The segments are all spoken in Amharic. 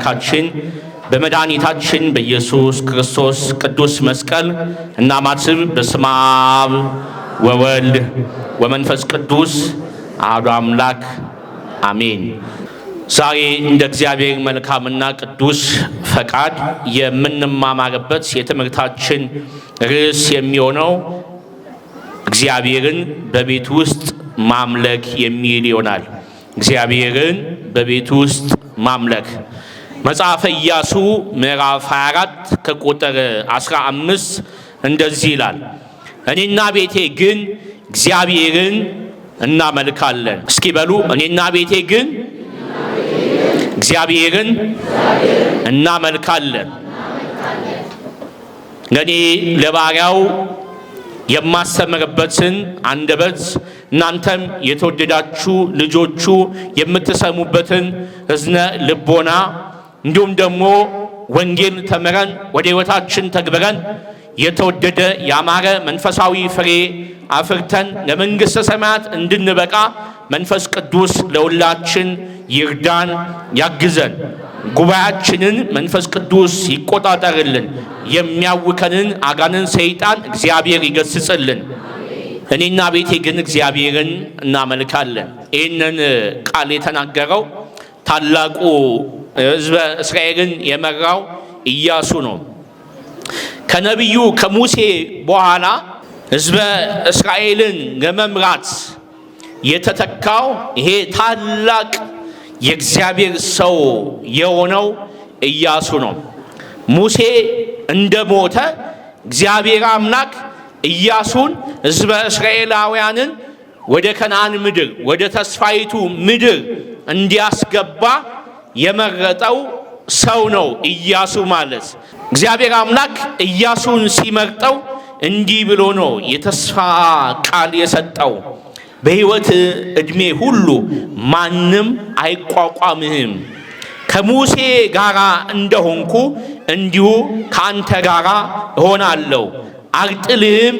አምላካችን በመድኃኒታችን በኢየሱስ ክርስቶስ ቅዱስ መስቀል እና በስመ አብ ወወልድ ወመንፈስ ቅዱስ አሐዱ አምላክ አሜን። ዛሬ እንደ እግዚአብሔር መልካምና ቅዱስ ፈቃድ የምንማማርበት የትምህርታችን ርዕስ የሚሆነው እግዚአብሔርን በቤት ውስጥ ማምለክ የሚል ይሆናል። እግዚአብሔርን በቤት ውስጥ ማምለክ መጽሐፈ ኢያሱ ምዕራፍ 24 ከቁጥር 15 እንደዚህ ይላል፣ እኔና ቤቴ ግን እግዚአብሔርን እናመልካለን። እስኪ በሉ እኔና ቤቴ ግን እግዚአብሔርን እናመልካለን። ለእኔ ለባሪያው የማስተምርበትን አንደበት እናንተም የተወደዳችሁ ልጆቹ የምትሰሙበትን እዝነ ልቦና እንዲሁም ደግሞ ወንጌል ተምረን ወደ ሕይወታችን ተግብረን የተወደደ ያማረ መንፈሳዊ ፍሬ አፍርተን ለመንግሥተ ሰማያት እንድንበቃ መንፈስ ቅዱስ ለሁላችን ይርዳን ያግዘን። ጉባኤያችንን መንፈስ ቅዱስ ይቆጣጠርልን። የሚያውከንን አጋንን ሰይጣን እግዚአብሔር ይገስጽልን። እኔና ቤቴ ግን እግዚአብሔርን እናመልካለን። ይህንን ቃል የተናገረው ታላቁ ህዝበ እስራኤልን የመራው ኢያሱ ነው። ከነቢዩ ከሙሴ በኋላ ህዝበ እስራኤልን ለመምራት የተተካው ይሄ ታላቅ የእግዚአብሔር ሰው የሆነው ኢያሱ ነው። ሙሴ እንደሞተ እግዚአብሔር አምላክ ኢያሱን ህዝበ እስራኤላውያንን ወደ ከነአን ምድር ወደ ተስፋይቱ ምድር እንዲያስገባ የመረጠው ሰው ነው ኢያሱ ማለት። እግዚአብሔር አምላክ ኢያሱን ሲመርጠው እንዲህ ብሎ ነው የተስፋ ቃል የሰጠው፣ በሕይወት ዕድሜ ሁሉ ማንም አይቋቋምህም፣ ከሙሴ ጋር እንደሆንኩ እንዲሁ ከአንተ ጋር እሆናለሁ፣ አርጥልህም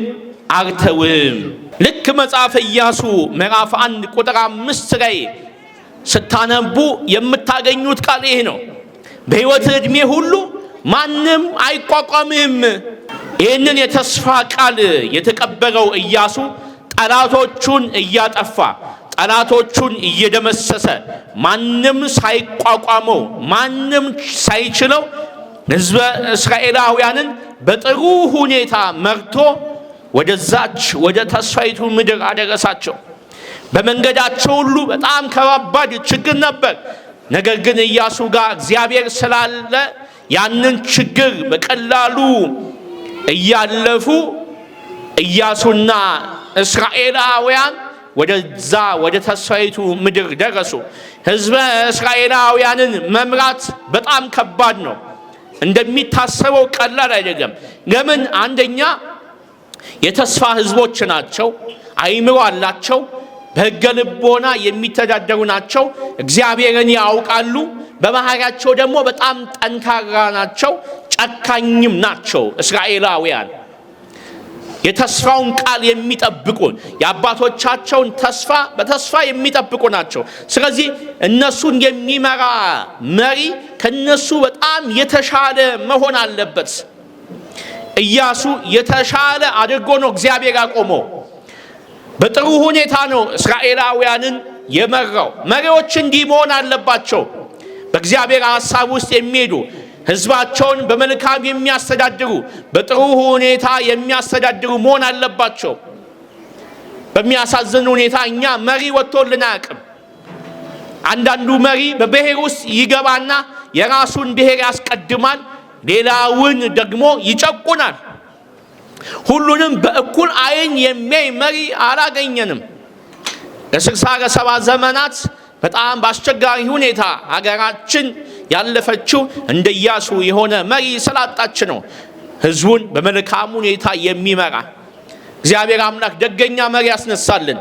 አርተውህም። ልክ መጽሐፈ ኢያሱ ምዕራፍ አንድ ቁጥር አምስት ላይ ስታነቡ የምታገኙት ቃል ይሄ ነው። በሕይወት ዕድሜ ሁሉ ማንም አይቋቋምህም። ይህንን የተስፋ ቃል የተቀበለው ኢያሱ ጠላቶቹን እያጠፋ ጠላቶቹን እየደመሰሰ ማንም ሳይቋቋመው ማንም ሳይችለው ሕዝበ እስራኤላውያንን በጥሩ ሁኔታ መርቶ ወደዛች ወደ ተስፋይቱ ምድር አደረሳቸው። በመንገዳቸው ሁሉ በጣም ከባባድ ችግር ነበር። ነገር ግን ኢያሱ ጋር እግዚአብሔር ስላለ ያንን ችግር በቀላሉ እያለፉ ኢያሱና እስራኤላውያን ወደዛ ወደ ተስፋይቱ ምድር ደረሱ። ህዝበ እስራኤላውያንን መምራት በጣም ከባድ ነው። እንደሚታሰበው ቀላል አይደለም። ለምን? አንደኛ የተስፋ ህዝቦች ናቸው። አይምሮ አላቸው። በሕገ ልቦና የሚተዳደሩ ናቸው። እግዚአብሔርን ያውቃሉ። በባህሪያቸው ደግሞ በጣም ጠንካራ ናቸው፣ ጨካኝም ናቸው። እስራኤላውያን የተስፋውን ቃል የሚጠብቁ የአባቶቻቸውን ተስፋ በተስፋ የሚጠብቁ ናቸው። ስለዚህ እነሱን የሚመራ መሪ ከነሱ በጣም የተሻለ መሆን አለበት። ኢያሱ የተሻለ አድርጎ ነው እግዚአብሔር ያቆመው። በጥሩ ሁኔታ ነው እስራኤላውያንን የመራው። መሪዎች እንዲህ መሆን አለባቸው። በእግዚአብሔር ሐሳብ ውስጥ የሚሄዱ ሕዝባቸውን በመልካም የሚያስተዳድሩ በጥሩ ሁኔታ የሚያስተዳድሩ መሆን አለባቸው። በሚያሳዝን ሁኔታ እኛ መሪ ወጥቶልን አያውቅም። አንዳንዱ መሪ በብሔር ውስጥ ይገባና የራሱን ብሔር ያስቀድማል፣ ሌላውን ደግሞ ይጨቁናል። ሁሉንም በእኩል አይን የሚያይ መሪ አላገኘንም። ለስልሳ ለሰባ ዘመናት በጣም በአስቸጋሪ ሁኔታ ሀገራችን ያለፈችው እንደ ኢያሱ የሆነ መሪ ስላጣች ነው። ህዝቡን በመልካም ሁኔታ የሚመራ እግዚአብሔር አምላክ ደገኛ መሪ ያስነሳልን፣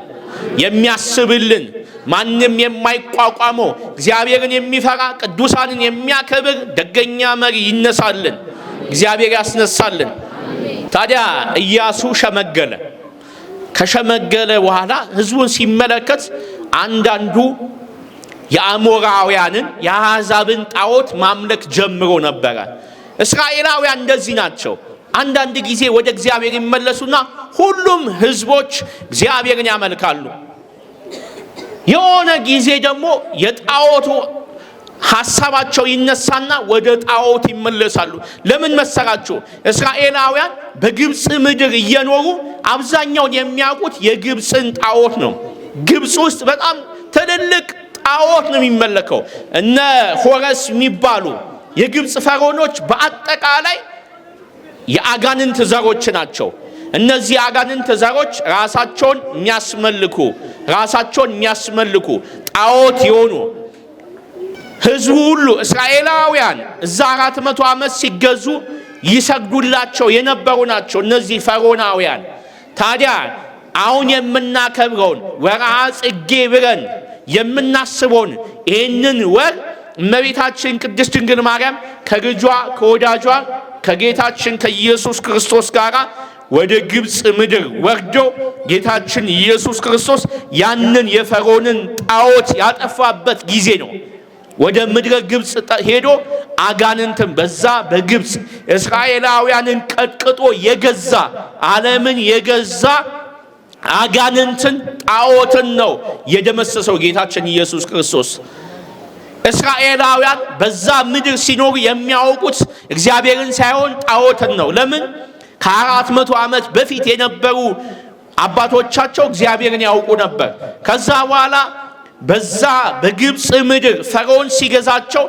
የሚያስብልን፣ ማንም የማይቋቋመው እግዚአብሔርን የሚፈራ ቅዱሳንን የሚያከብር ደገኛ መሪ ይነሳልን፣ እግዚአብሔር ያስነሳልን። ታዲያ ኢያሱ ሸመገለ። ከሸመገለ በኋላ ህዝቡን ሲመለከት አንዳንዱ የአሞራውያንን የአሕዛብን ጣዖት ማምለክ ጀምሮ ነበረ። እስራኤላውያን እንደዚህ ናቸው። አንዳንድ ጊዜ ወደ እግዚአብሔር ይመለሱና ሁሉም ህዝቦች እግዚአብሔርን ያመልካሉ። የሆነ ጊዜ ደግሞ የጣዖቱ ሐሳባቸው ይነሳና ወደ ጣዖት ይመለሳሉ። ለምን መሰራችሁ? እስራኤላውያን በግብፅ ምድር እየኖሩ አብዛኛውን የሚያውቁት የግብፅን ጣዖት ነው። ግብፅ ውስጥ በጣም ትልልቅ ጣዖት ነው የሚመለከው። እነ ሆረስ የሚባሉ የግብፅ ፈርዖኖች በአጠቃላይ የአጋንንት ዘሮች ናቸው። እነዚህ አጋንንት ዘሮች ራሳቸውን የሚያስመልኩ ራሳቸውን የሚያስመልኩ ጣዖት የሆኑ ህዝቡ ሁሉ እስራኤላውያን እዛ አራት መቶ ዓመት ሲገዙ ይሰግዱላቸው የነበሩ ናቸው። እነዚህ ፈሮናውያን ታዲያ አሁን የምናከብረውን ወርሃ ጽጌ ብለን የምናስበውን ይህንን ወር እመቤታችን ቅድስት ድንግል ማርያም ከልጇ ከወዳጇ ከጌታችን ከኢየሱስ ክርስቶስ ጋር ወደ ግብፅ ምድር ወርዶ ጌታችን ኢየሱስ ክርስቶስ ያንን የፈርዖንን ጣዖት ያጠፋበት ጊዜ ነው። ወደ ምድረ ግብፅ ሄዶ አጋንንትን በዛ በግብፅ እስራኤላውያንን ቀጥቅጦ የገዛ ዓለምን የገዛ አጋንንትን ጣዖትን ነው የደመሰሰው ጌታችን ኢየሱስ ክርስቶስ። እስራኤላውያን በዛ ምድር ሲኖሩ የሚያውቁት እግዚአብሔርን ሳይሆን ጣዖትን ነው። ለምን? ከአራት መቶ ዓመት በፊት የነበሩ አባቶቻቸው እግዚአብሔርን ያውቁ ነበር። ከዛ በኋላ በዛ በግብፅ ምድር ፈርዖን ሲገዛቸው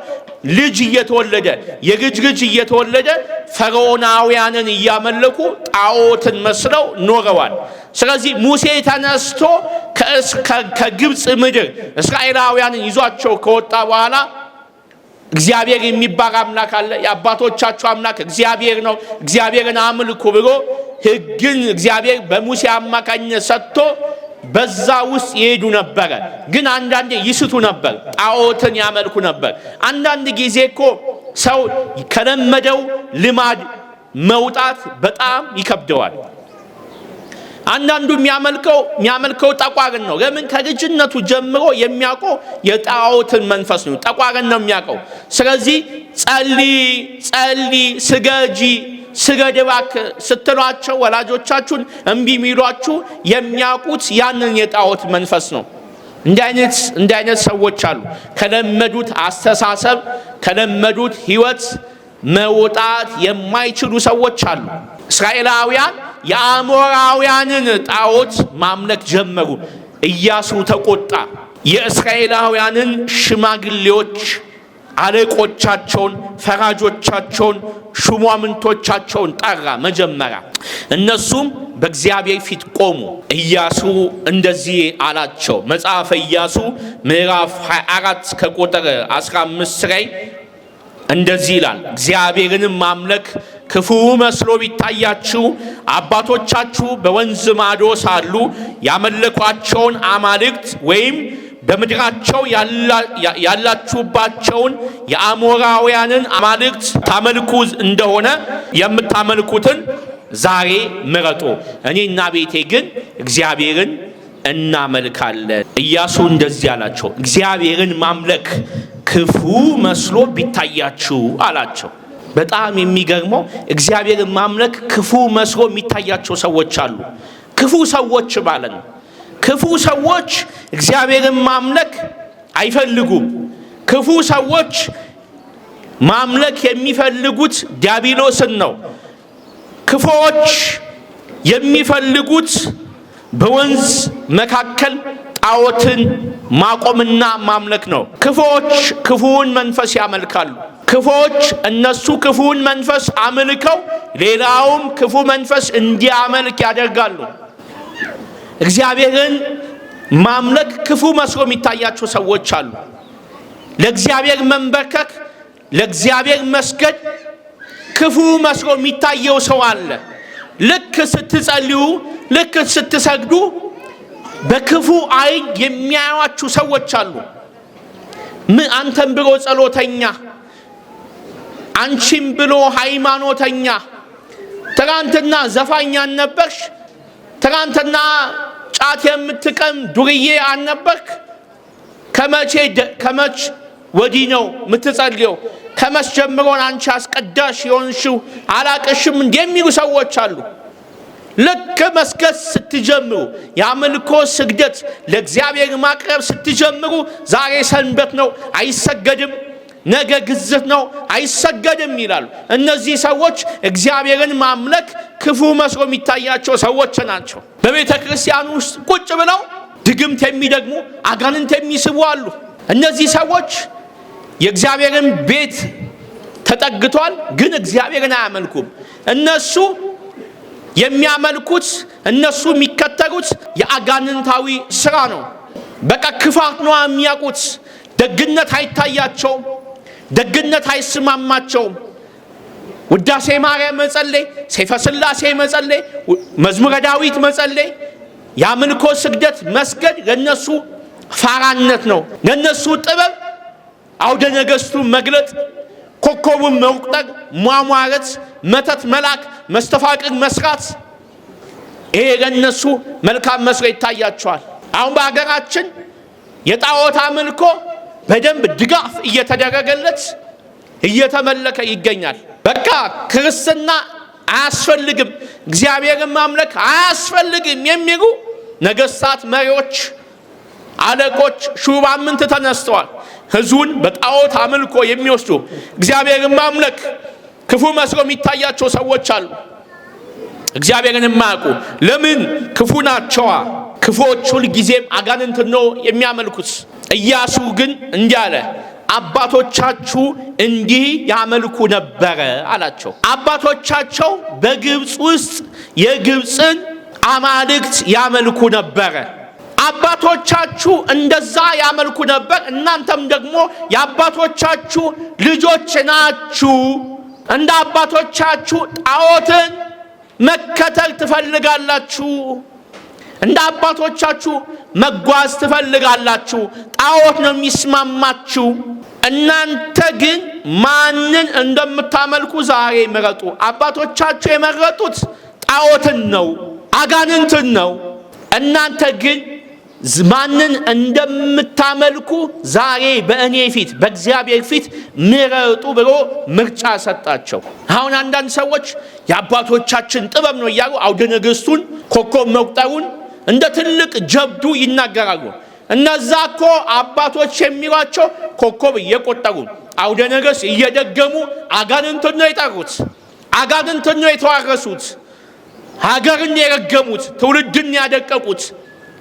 ልጅ እየተወለደ የልጅ ልጅ እየተወለደ ፈርዖናውያንን እያመለኩ ጣዖትን መስለው ኖረዋል። ስለዚህ ሙሴ ተነስቶ ከግብፅ ምድር እስራኤላውያንን ይዟቸው ከወጣ በኋላ እግዚአብሔር የሚባል አምላክ አለ፣ የአባቶቻችሁ አምላክ እግዚአብሔር ነው፣ እግዚአብሔርን አምልኩ ብሎ ሕግን እግዚአብሔር በሙሴ አማካኝነት ሰጥቶ በዛ ውስጥ ይሄዱ ነበረ። ግን አንዳንዴ ይስቱ ነበር፣ ጣዖትን ያመልኩ ነበር። አንዳንድ ጊዜ እኮ ሰው ከለመደው ልማድ መውጣት በጣም ይከብደዋል። አንዳንዱ የሚያመልከው የሚያመልከው ጠቋርን ነው። ለምን ከልጅነቱ ጀምሮ የሚያውቀው የጣዖትን መንፈስ ነው። ጠቋርን ነው የሚያውቀው። ስለዚህ ጸሊ ጸሊ ስገጂ ስገድ እባክህ ስትሏቸው ወላጆቻችሁን እምቢ የሚሏችሁ የሚያውቁት ያንን የጣዖት መንፈስ ነው። እንዲህ አይነት ሰዎች አሉ። ከለመዱት አስተሳሰብ ከለመዱት ህይወት መውጣት የማይችሉ ሰዎች አሉ። እስራኤላውያን የአሞራውያንን ጣዖት ማምለክ ጀመሩ። ኢያሱ ተቆጣ። የእስራኤላውያንን ሽማግሌዎች አለቆቻቸውን፣ ፈራጆቻቸውን፣ ሹማምንቶቻቸውን ጠራ። መጀመሪያ እነሱም በእግዚአብሔር ፊት ቆሙ። ኢያሱ እንደዚህ አላቸው። መጽሐፈ ኢያሱ ምዕራፍ 24 ከቁጥር 15 ላይ እንደዚህ ይላል። እግዚአብሔርንም ማምለክ ክፉ መስሎ ቢታያችሁ አባቶቻችሁ በወንዝ ማዶ ሳሉ ያመለኳቸውን አማልክት ወይም በምድራቸው ያላችሁባቸውን የአሞራውያንን አማልክት ታመልኩ እንደሆነ የምታመልኩትን ዛሬ ምረጡ፣ እኔና ቤቴ ግን እግዚአብሔርን እናመልካለን። ኢያሱ እንደዚህ አላቸው፣ እግዚአብሔርን ማምለክ ክፉ መስሎ ቢታያችሁ አላቸው። በጣም የሚገርመው እግዚአብሔርን ማምለክ ክፉ መስሎ የሚታያቸው ሰዎች አሉ። ክፉ ሰዎች ማለት ነው። ክፉ ሰዎች እግዚአብሔርን ማምለክ አይፈልጉም። ክፉ ሰዎች ማምለክ የሚፈልጉት ዲያብሎስን ነው። ክፉዎች የሚፈልጉት በወንዝ መካከል ጣዖትን ማቆምና ማምለክ ነው። ክፉዎች ክፉውን መንፈስ ያመልካሉ። ክፉዎች እነሱ ክፉውን መንፈስ አምልከው ሌላውም ክፉ መንፈስ እንዲያመልክ ያደርጋሉ። እግዚአብሔርን ማምለክ ክፉ መስሎ የሚታያቸው ሰዎች አሉ። ለእግዚአብሔር መንበርከክ፣ ለእግዚአብሔር መስገድ ክፉ መስሎ የሚታየው ሰው አለ። ልክ ስትጸልዩ፣ ልክ ስትሰግዱ በክፉ አይን የሚያዩአችሁ ሰዎች አሉ። ምን አንተም ብሎ ጸሎተኛ፣ አንቺም ብሎ ሃይማኖተኛ፣ ትናንትና ዘፋኛ ነበርሽ፣ ትናንትና ጫት የምትቀም ዱርዬ አልነበርክ? ከመች ወዲህ ነው የምትጸልየው? ከመች ጀምሮን አንቺ አስቀዳሽ የሆንሽው አላቅሽም እንደሚሉ ሰዎች አሉ። ልክ መስገድ ስትጀምሩ የአምልኮ ስግደት ለእግዚአብሔር ማቅረብ ስትጀምሩ ዛሬ ሰንበት ነው አይሰገድም ነገ ግዝት ነው አይሰገድም ይላሉ። እነዚህ ሰዎች እግዚአብሔርን ማምለክ ክፉ መስሎ የሚታያቸው ሰዎች ናቸው። በቤተ ክርስቲያን ውስጥ ቁጭ ብለው ድግምት የሚደግሙ አጋንንት የሚስቡ አሉ። እነዚህ ሰዎች የእግዚአብሔርን ቤት ተጠግቷል፣ ግን እግዚአብሔርን አያመልኩም። እነሱ የሚያመልኩት እነሱ የሚከተሉት የአጋንንታዊ ስራ ነው። በቃ ክፋት ነው የሚያውቁት። ደግነት አይታያቸውም። ደግነት አይስማማቸውም። ውዳሴ ማርያም መጸለይ፣ ሰይፈ መጸለይ፣ መዝሙረ ዳዊት መጸለይ፣ የአምልኮ ስግደት መስገድ ለእነሱ ፋራነት ነው። ለእነሱ ጥበብ አውደ ነገሥቱን መግለጥ፣ ኮከቡን መቁጠር፣ ሟሟረት፣ መተት መላክ፣ መስተፋቅር መስራት፣ ይሄ ለእነሱ መልካም መስሎ ይታያቸዋል። አሁን በሀገራችን የጣዖት አምልኮ በደንብ ድጋፍ እየተደረገለት እየተመለከ ይገኛል። በቃ ክርስትና አያስፈልግም፣ እግዚአብሔርን ማምለክ አያስፈልግም የሚሉ ነገስታት፣ መሪዎች፣ አለቆች፣ ሹማምንት ተነስተዋል። ህዝቡን በጣዖት አምልኮ የሚወስዱ እግዚአብሔርን ማምለክ ክፉ መስሎ የሚታያቸው ሰዎች አሉ። እግዚአብሔርን የማያውቁ ለምን ክፉ ናቸዋ። ክፉዎች ሁልጊዜም አጋንንትን ነው የሚያመልኩት። ኢያሱ ግን እንዲህ አለ፣ አባቶቻችሁ እንዲህ ያመልኩ ነበረ አላቸው። አባቶቻቸው በግብፅ ውስጥ የግብፅን አማልክት ያመልኩ ነበረ። አባቶቻችሁ እንደዛ ያመልኩ ነበር፣ እናንተም ደግሞ የአባቶቻችሁ ልጆች ናችሁ። እንደ አባቶቻችሁ ጣዖትን መከተል ትፈልጋላችሁ እንደ አባቶቻችሁ መጓዝ ትፈልጋላችሁ። ጣዖት ነው የሚስማማችሁ። እናንተ ግን ማንን እንደምታመልኩ ዛሬ ምረጡ። አባቶቻችሁ የመረጡት ጣዖትን ነው፣ አጋንንትን ነው። እናንተ ግን ማንን እንደምታመልኩ ዛሬ በእኔ ፊት በእግዚአብሔር ፊት ምረጡ ብሎ ምርጫ ሰጣቸው። አሁን አንዳንድ ሰዎች የአባቶቻችን ጥበብ ነው እያሉ አውደ ንግሥቱን ኮከብ መቁጠሩን እንደ ትልቅ ጀብዱ ይናገራሉ። እነዛ እኮ አባቶች የሚሏቸው ኮከብ እየቆጠሩ አውደ ነገስ እየደገሙ አጋንንትን ነው የጠሩት፣ አጋንንትን ነው የተዋረሱት፣ ሀገርን የረገሙት፣ ትውልድን ያደቀቁት።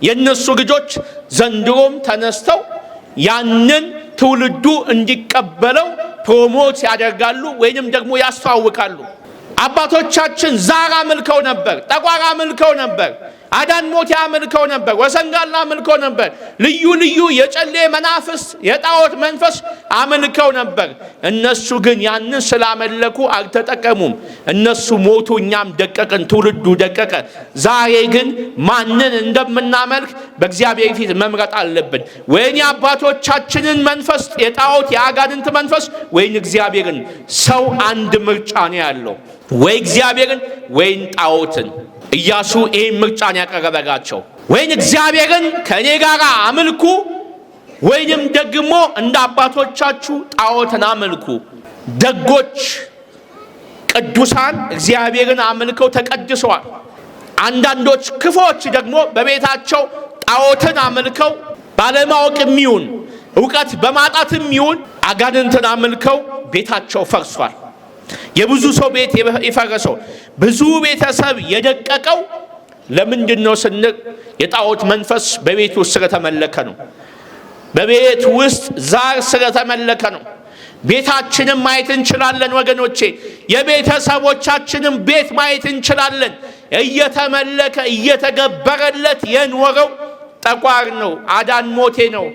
የእነሱ ልጆች ዘንድሮም ተነስተው ያንን ትውልዱ እንዲቀበለው ፕሮሞት ያደርጋሉ ወይንም ደግሞ ያስተዋውቃሉ። አባቶቻችን ዛር አምልከው ነበር፣ ጠቋር አምልከው ነበር። ሞት ያመልከው ነበር። ወሰንጋላ አመልከው ነበር። ልዩ ልዩ የጨሌ መናፍስ የጣዖት መንፈስ አመልከው ነበር። እነሱ ግን ያንን ስላመለኩ አልተጠቀሙም። እነሱ ሞቱ፣ እኛም ደቀቅን፣ ትውልዱ ደቀቀ። ዛሬ ግን ማንን እንደምናመልክ በእግዚአብሔር ፊት መምረጥ አለብን። ወይን አባቶቻችንን መንፈስ የጣዖት የአጋንንት መንፈስ ወይን እግዚአብሔርን። ሰው አንድ ምርጫ ነው ያለው፣ ወይ እግዚአብሔርን ወይን ጣዖትን ኢያሱ ይህን ምርጫን ያቀረበላቸው ወይን እግዚአብሔርን ከእኔ ጋር አምልኩ ወይንም ደግሞ እንደ አባቶቻችሁ ጣዖትን አምልኩ። ደጎች ቅዱሳን እግዚአብሔርን አምልከው ተቀድሰዋል። አንዳንዶች ክፎች ደግሞ በቤታቸው ጣዖትን አምልከው ባለማወቅ ይሁን እውቀት በማጣትም ይሁን አጋንንትን አምልከው ቤታቸው ፈርሷል። የብዙ ሰው ቤት የፈረሰው ብዙ ቤተሰብ የደቀቀው ለምንድን ነው ስንል የጣዖት መንፈስ በቤት ውስጥ ስለተመለከ ነው። በቤት ውስጥ ዛር ስለተመለከ ነው። ቤታችንም ማየት እንችላለን ወገኖቼ፣ የቤተሰቦቻችንም ቤት ማየት እንችላለን። እየተመለከ እየተገበረለት የኖረው ጠቋር ነው፣ አዳን ሞቴ ነው፣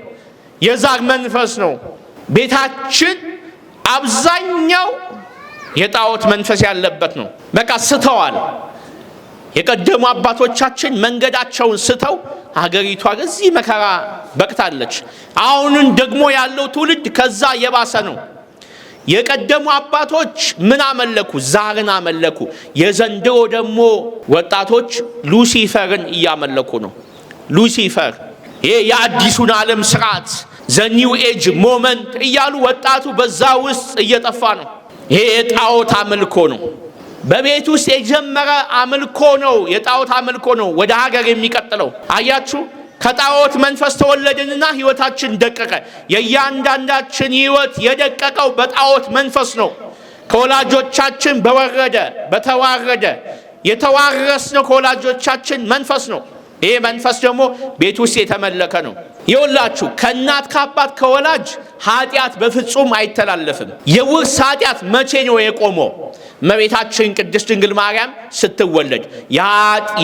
የዛር መንፈስ ነው። ቤታችን አብዛኛው የጣዖት መንፈስ ያለበት ነው። በቃ ስተዋል። የቀደሙ አባቶቻችን መንገዳቸውን ስተው ሀገሪቷ እዚህ መከራ በቅታለች። አሁንን ደግሞ ያለው ትውልድ ከዛ የባሰ ነው። የቀደሙ አባቶች ምን አመለኩ? ዛርን አመለኩ። የዘንድሮ ደግሞ ወጣቶች ሉሲፈርን እያመለኩ ነው። ሉሲፈር ይሄ የአዲሱን ዓለም ስርዓት ዘኒው ኤጅ ሞመንት እያሉ ወጣቱ በዛ ውስጥ እየጠፋ ነው። ይሄ የጣዖት አምልኮ ነው። በቤት ውስጥ የጀመረ አምልኮ ነው። የጣዖት አምልኮ ነው ወደ ሀገር የሚቀጥለው። አያችሁ፣ ከጣዖት መንፈስ ተወለድንና ህይወታችን ደቀቀ። የእያንዳንዳችን ህይወት የደቀቀው በጣዖት መንፈስ ነው። ከወላጆቻችን በወረደ በተዋረደ የተዋረስነው ከወላጆቻችን መንፈስ ነው። ይሄ መንፈስ ደግሞ ቤት ውስጥ የተመለከ ነው። ይወላችሁ ከእናት ከአባት ከወላጅ ኃጢአት በፍጹም አይተላለፍም። የውርስ ኃጢአት መቼ ነው የቆመው? እመቤታችን ቅድስት ድንግል ማርያም ስትወለድ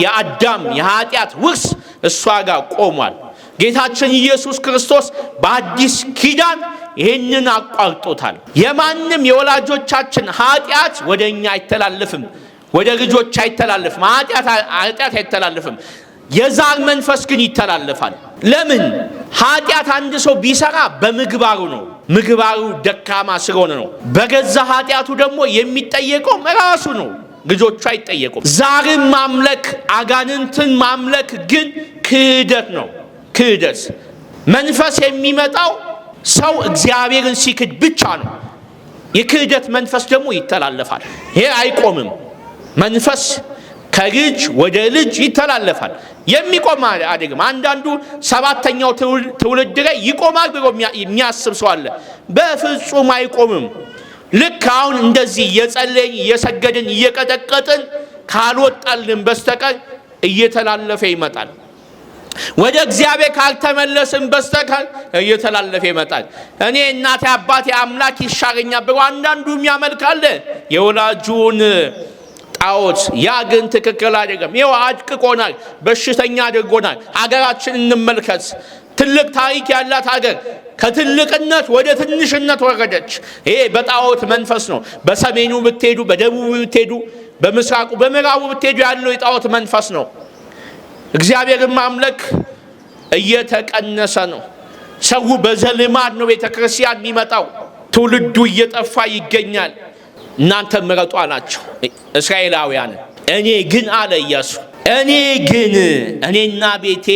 የአዳም የኃጢአት ውርስ እሷ ጋር ቆሟል። ጌታችን ኢየሱስ ክርስቶስ በአዲስ ኪዳን ይህንን አቋርጦታል። የማንም የወላጆቻችን ኃጢአት ወደ እኛ አይተላለፍም፣ ወደ ልጆች አይተላለፍም። ኃጢአት አይተላለፍም። የዛር መንፈስ ግን ይተላለፋል። ለምን? ኃጢአት አንድ ሰው ቢሰራ በምግባሩ ነው። ምግባሩ ደካማ ስለሆነ ነው። በገዛ ኃጢአቱ ደግሞ የሚጠየቀው ራሱ ነው። ልጆቹ አይጠየቁም። ዛርን ማምለክ አጋንንትን ማምለክ ግን ክህደት ነው። ክህደት መንፈስ የሚመጣው ሰው እግዚአብሔርን ሲክድ ብቻ ነው። የክህደት መንፈስ ደግሞ ይተላለፋል። ይሄ አይቆምም መንፈስ ከልጅ ወደ ልጅ ይተላለፋል። የሚቆም አይደለም። አንዳንዱ ሰባተኛው ትውልድ ላይ ይቆማል ብሎ የሚያስብ ሰው አለ። በፍጹም አይቆምም። ልክ አሁን እንደዚህ እየጸለይን እየሰገድን እየቀጠቀጥን ካልወጣልን በስተቀር እየተላለፈ ይመጣል። ወደ እግዚአብሔር ካልተመለስን በስተቀር እየተላለፈ ይመጣል። እኔ እናቴ አባቴ አምላክ ይሻረኛል ብሎ አንዳንዱ የሚያመልካለ የወላጁን ጣዖት። ያ ግን ትክክል አይደለም። ይኸው አድቅቆናል፣ በሽተኛ አድርጎናል። ሀገራችን እንመልከት። ትልቅ ታሪክ ያላት ሀገር ከትልቅነት ወደ ትንሽነት ወረደች። ይሄ በጣዖት መንፈስ ነው። በሰሜኑ ብትሄዱ፣ በደቡቡ ብትሄዱ፣ በምስራቁ በምዕራቡ ብትሄዱ ያለው የጣዖት መንፈስ ነው። እግዚአብሔርን ማምለክ እየተቀነሰ ነው። ሰው በዘልማድ ነው ቤተ ክርስቲያን የሚመጣው። ትውልዱ እየጠፋ ይገኛል። እናንተ ምረጡ አላቸው እስራኤላውያን። እኔ ግን አለ ኢያሱ እኔ ግን እኔና ቤቴ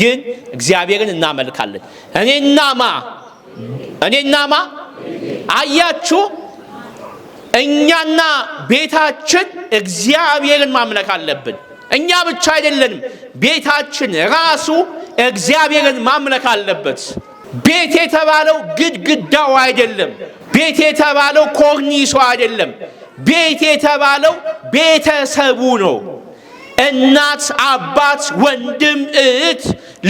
ግን እግዚአብሔርን እናመልካለን። እኔናማ እኔናማ አያችሁ እኛና ቤታችን እግዚአብሔርን ማምለክ አለብን። እኛ ብቻ አይደለንም፣ ቤታችን ራሱ እግዚአብሔርን ማምለክ አለበት። ቤት የተባለው ግድግዳው አይደለም። ቤት የተባለው ኮርኒሶ አይደለም። ቤት የተባለው ቤተሰቡ ነው። እናት፣ አባት፣ ወንድም፣ እህት፣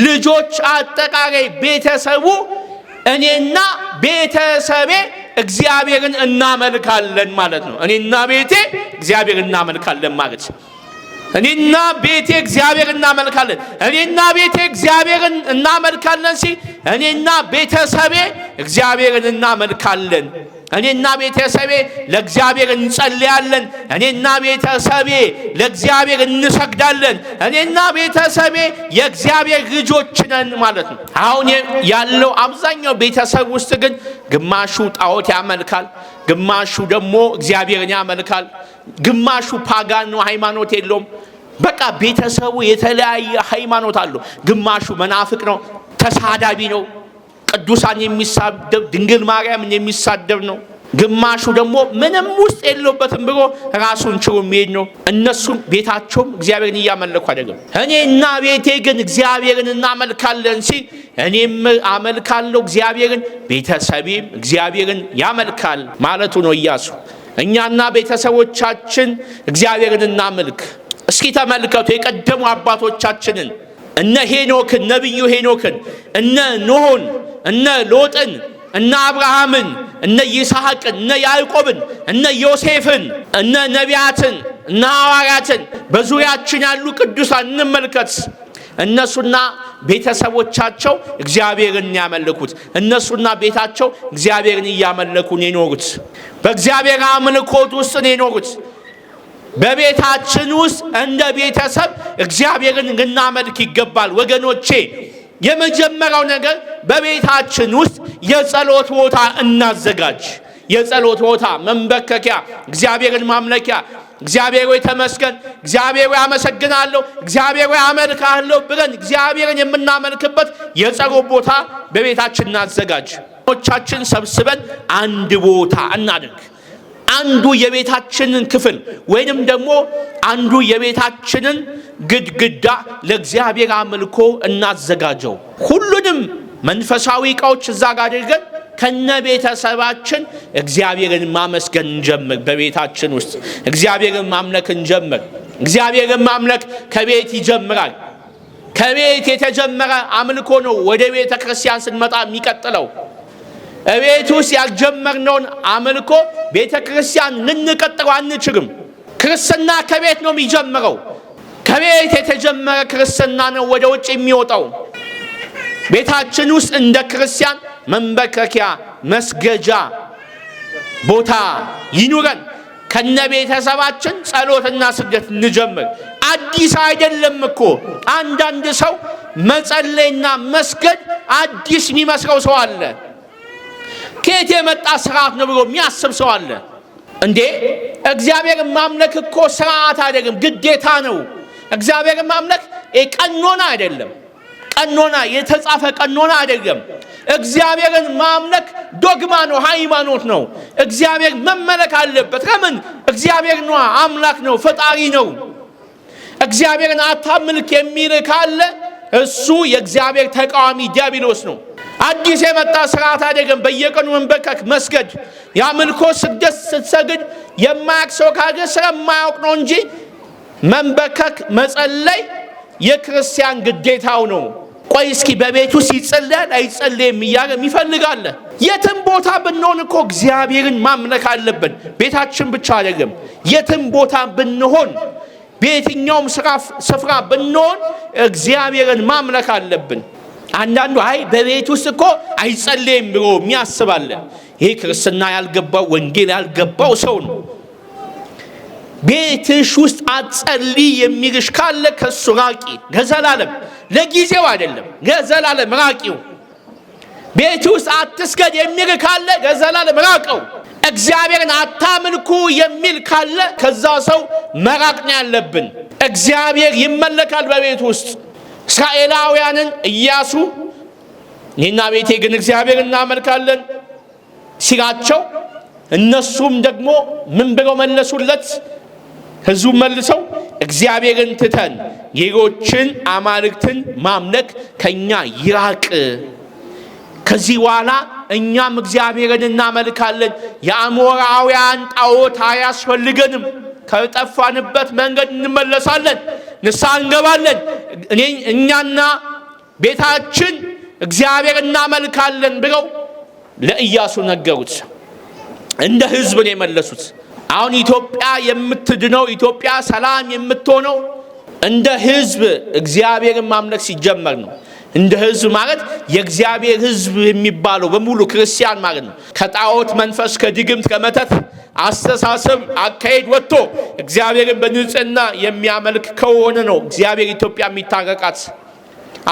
ልጆች፣ አጠቃላይ ቤተሰቡ እኔና ቤተሰቤ እግዚአብሔርን እናመልካለን ማለት ነው። እኔና ቤቴ እግዚአብሔርን እናመልካለን ማለት እኔና ቤቴ እግዚአብሔር እናመልካለን፣ እኔና ቤቴ እግዚአብሔርን እናመልካለን ሲል እኔና ቤተሰቤ እግዚአብሔርን እናመልካለን፣ እኔና ቤተሰቤ ለእግዚአብሔር እንጸልያለን፣ እኔና ቤተሰቤ ለእግዚአብሔር እንሰግዳለን፣ እኔና ቤተሰቤ የእግዚአብሔር ልጆች ነን ማለት ነው። አሁን ያለው አብዛኛው ቤተሰብ ውስጥ ግን ግማሹ ጣዖት ያመልካል፣ ግማሹ ደግሞ እግዚአብሔርን ያመልካል፣ ግማሹ ፓጋን ነው፣ ሃይማኖት የለውም። በቃ ቤተሰቡ የተለያየ ሃይማኖት አለው። ግማሹ መናፍቅ ነው፣ ተሳዳቢ ነው፣ ቅዱሳን የሚሳደብ ድንግል ማርያምን የሚሳደብ ነው። ግማሹ ደግሞ ምንም ውስጥ የለበትም ብሎ ራሱን ችሎ የሚሄድ ነው። እነሱም ቤታቸውም እግዚአብሔርን እያመለኩ አይደለም። እና ቤቴ ግን እግዚአብሔርን እናመልካለን ሲል እኔም አመልካለሁ እግዚአብሔርን፣ ቤተሰቤም እግዚአብሔርን ያመልካል ማለቱ ነው። እያሱ እኛና ቤተሰቦቻችን እግዚአብሔርን እናመልክ። እስኪ ተመልከቱ የቀደሙ አባቶቻችንን እነ ሄኖክን ነቢዩ ሄኖክን እነ ኖሆን እነ ሎጥን እነ አብርሃምን እነ ይስሐቅን እነ ያዕቆብን እነ ዮሴፍን እነ ነቢያትን እነ ሐዋርያትን በዙሪያችን ያሉ ቅዱሳን እንመልከት። እነሱና ቤተሰቦቻቸው እግዚአብሔርን ያመልኩት። እነሱና ቤታቸው እግዚአብሔርን ነው የኖሩት በእግዚአብሔር አምልኮት ውስጥ የኖሩት በቤታችን ውስጥ እንደ ቤተሰብ እግዚአብሔርን ልናመልክ ይገባል ወገኖቼ። የመጀመሪያው ነገር በቤታችን ውስጥ የጸሎት ቦታ እናዘጋጅ። የጸሎት ቦታ መንበከኪያ እግዚአብሔርን ማምለኪያ። እግዚአብሔር ወይ ተመስገን፣ እግዚአብሔር ወይ አመሰግናለሁ፣ እግዚአብሔር ወይ አመልካለሁ ብለን እግዚአብሔርን የምናመልክበት የጸሎት ቦታ በቤታችን እናዘጋጅ። ቻችን ሰብስበን አንድ ቦታ እናድርግ። አንዱ የቤታችንን ክፍል ወይንም ደግሞ አንዱ የቤታችንን ግድግዳ ለእግዚአብሔር አምልኮ እናዘጋጀው። ሁሉንም መንፈሳዊ ዕቃዎች እዛ ጋር አድርገን ከነ ቤተሰባችን እግዚአብሔርን ማመስገን እንጀምር። በቤታችን ውስጥ እግዚአብሔርን ማምለክ እንጀምር። እግዚአብሔርን ማምለክ ከቤት ይጀምራል። ከቤት የተጀመረ አምልኮ ነው ወደ ቤተ ክርስቲያን ስንመጣ የሚቀጥለው። እቤት ውስጥ ያልጀመርነውን አምልኮ ቤተ ክርስቲያን ልንቀጥለው አንችልም። ክርስትና ከቤት ነው የሚጀምረው። ከቤት የተጀመረ ክርስትና ነው ወደ ውጭ የሚወጣው። ቤታችን ውስጥ እንደ ክርስቲያን መንበርከኪያ መስገጃ ቦታ ይኑረን። ከነ ቤተሰባችን ጸሎትና ስግደት እንጀምር። አዲስ አይደለም እኮ አንዳንድ ሰው መጸለይና መስገድ አዲስ የሚመስለው ሰው አለ። ከየት የመጣ ስርዓት ነው ብሎ የሚያስብ ሰው አለ እንዴ? እግዚአብሔር ማምለክ እኮ ስርዓት አይደለም፣ ግዴታ ነው። እግዚአብሔር ማምለክ ቀኖና አይደለም። ቀኖና የተጻፈ ቀኖና አይደለም። እግዚአብሔርን ማምለክ ዶግማ ነው፣ ሃይማኖት ነው። እግዚአብሔር መመለክ አለበት። ለምን? እግዚአብሔር ነዋ፣ አምላክ ነው፣ ፈጣሪ ነው። እግዚአብሔርን አታምልክ የሚል ካለ እሱ የእግዚአብሔር ተቃዋሚ ዲያብሎስ ነው። አዲስ የመጣ ስርዓት አይደለም። በየቀኑ መንበርከክ መስገድ፣ የአምልኮ ስግደት ስትሰግድ የማያቅ ሰው ካገ ስለማያውቅ ነው እንጂ መንበርከክ መጸለይ የክርስቲያን ግዴታው ነው። ቆይ እስኪ በቤቱ ሲጸለያል አይጸለይም እያለ ይፈልጋለ። የትም ቦታ ብንሆን እኮ እግዚአብሔርን ማምለክ አለብን። ቤታችን ብቻ አይደለም። የትም ቦታ ብንሆን በየትኛውም ስፍራ ብንሆን እግዚአብሔርን ማምለክ አለብን። አንዳንዱ አይ በቤት ውስጥ እኮ አይጸለይም ብሎ የሚያስባለ ይህ ክርስትና ያልገባው ወንጌል ያልገባው ሰው ነው። ቤትሽ ውስጥ አትጸልይ የሚልሽ ካለ ከሱ ራቂ፣ ለዘላለም ለጊዜው አይደለም፣ ለዘላለም ራቂው። ቤት ውስጥ አትስገድ የሚል ካለ ለዘላለም ራቀው። እግዚአብሔርን አታምልኩ የሚል ካለ ከዛ ሰው መራቅ ነው ያለብን። እግዚአብሔር ይመለካል በቤት ውስጥ እስራኤላውያንን እያሱ እኔና ቤቴ ግን እግዚአብሔር እናመልካለን ሲላቸው እነሱም ደግሞ ምን ብለው መለሱለት? ህዝቡ መልሰው እግዚአብሔርን ትተን ሌሎችን አማልክትን ማምለክ ከእኛ ይራቅ፣ ከዚህ በኋላ እኛም እግዚአብሔርን እናመልካለን፣ የአሞራውያን ጣዖት አያስፈልገንም፣ ከጠፋንበት መንገድ እንመለሳለን ንስሐ እንገባለን። እኛና ቤታችን እግዚአብሔር እናመልካለን ብለው ለኢያሱ ነገሩት። እንደ ህዝብ ነው የመለሱት። አሁን ኢትዮጵያ የምትድነው ኢትዮጵያ ሰላም የምትሆነው እንደ ህዝብ እግዚአብሔርን ማምለክ ሲጀመር ነው። እንደ ህዝብ ማለት የእግዚአብሔር ህዝብ የሚባለው በሙሉ ክርስቲያን ማለት ነው። ከጣዖት መንፈስ፣ ከድግምት፣ ከመተት አስተሳሰብ፣ አካሄድ ወጥቶ እግዚአብሔርን በንጽህና የሚያመልክ ከሆነ ነው እግዚአብሔር ኢትዮጵያ የሚታረቃት።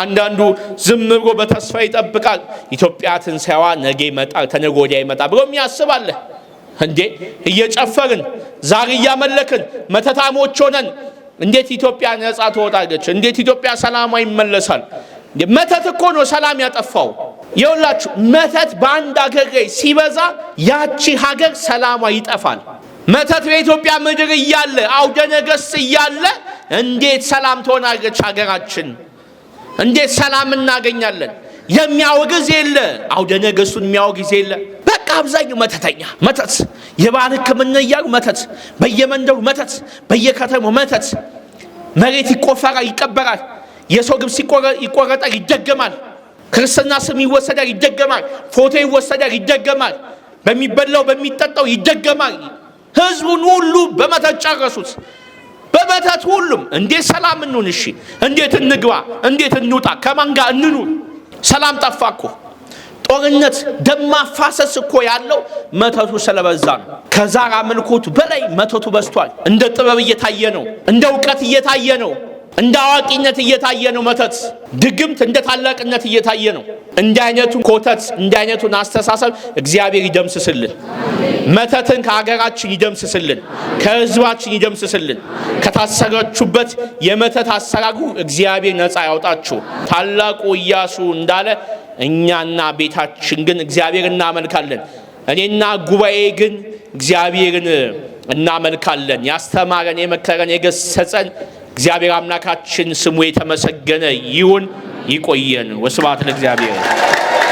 አንዳንዱ ዝም ብሎ በተስፋ ይጠብቃል። ኢትዮጵያ ትንሣኤዋ ነገ ይመጣል፣ ተነገ ወዲያ ይመጣል ብሎ የሚያስባለ እንዴ! እየጨፈርን ዛሬ እያመለክን መተታሞች ሆነን እንዴት ኢትዮጵያ ነጻ ትወጣለች? እንዴት ኢትዮጵያ ሰላማ ይመለሳል? መተት እኮ ነው ሰላም ያጠፋው። የውላችሁ መተት በአንድ አገር ላይ ሲበዛ ያቺ ሀገር ሰላሟ ይጠፋል። መተት በኢትዮጵያ ምድር እያለ አውደ ነገሥት እያለ እንዴት ሰላም ትሆናለች ሀገራችን? እንዴት ሰላም እናገኛለን? የሚያወግዝ የለ፣ አውደ ነገሥቱን የሚያወግዝ የለ። በቃ አብዛኛው መተተኛ መተት፣ የባህል ሕክምና እያሉ መተት፣ በየመንደሩ መተት፣ በየከተማው መተት፣ መሬት ይቆፈራል፣ ይቀበራል። የሰው ግብስ ይቆረጣል፣ ይደገማል። ክርስትና ስም ይወሰዳል፣ ይደገማል። ፎቶ ይወሰዳል፣ ይደገማል። በሚበላው በሚጠጣው ይደገማል። ህዝቡን ሁሉ በመተት ጨረሱት። በመተት ሁሉም እንዴት ሰላም እንሁን? እሺ እንዴት እንግባ? እንዴት እንውጣ? ከማን ጋር ሰላም ጠፋ እኮ። ጦርነት ደማፋሰስ እኮ ያለው መተቱ ስለበዛ ነው። ከዛር አምልኮቱ በላይ መተቱ በዝቷል። እንደ ጥበብ እየታየ ነው። እንደ እውቀት እየታየ ነው። እንደ አዋቂነት እየታየ ነው። መተት ድግምት እንደ ታላቅነት እየታየ ነው። እንደ አይነቱ ኮተት፣ እንደ አይነቱን አስተሳሰብ እግዚአብሔር ይደምስስልን። መተትን ከሀገራችን ይደምስስልን፣ ከህዝባችን ይደምስስልን። ከታሰረችሁበት የመተት አሰራጉ እግዚአብሔር ነፃ ያውጣችሁ። ታላቁ እያሱ እንዳለ እኛና ቤታችን ግን እግዚአብሔር እናመልካለን። እኔና ጉባኤ ግን እግዚአብሔርን እናመልካለን። ያስተማረን፣ የመከረን፣ የገሰጸን እግዚአብሔር አምላካችን ስሙ የተመሰገነ ይሁን። ይቆየን። ወስብሐት ለእግዚአብሔር።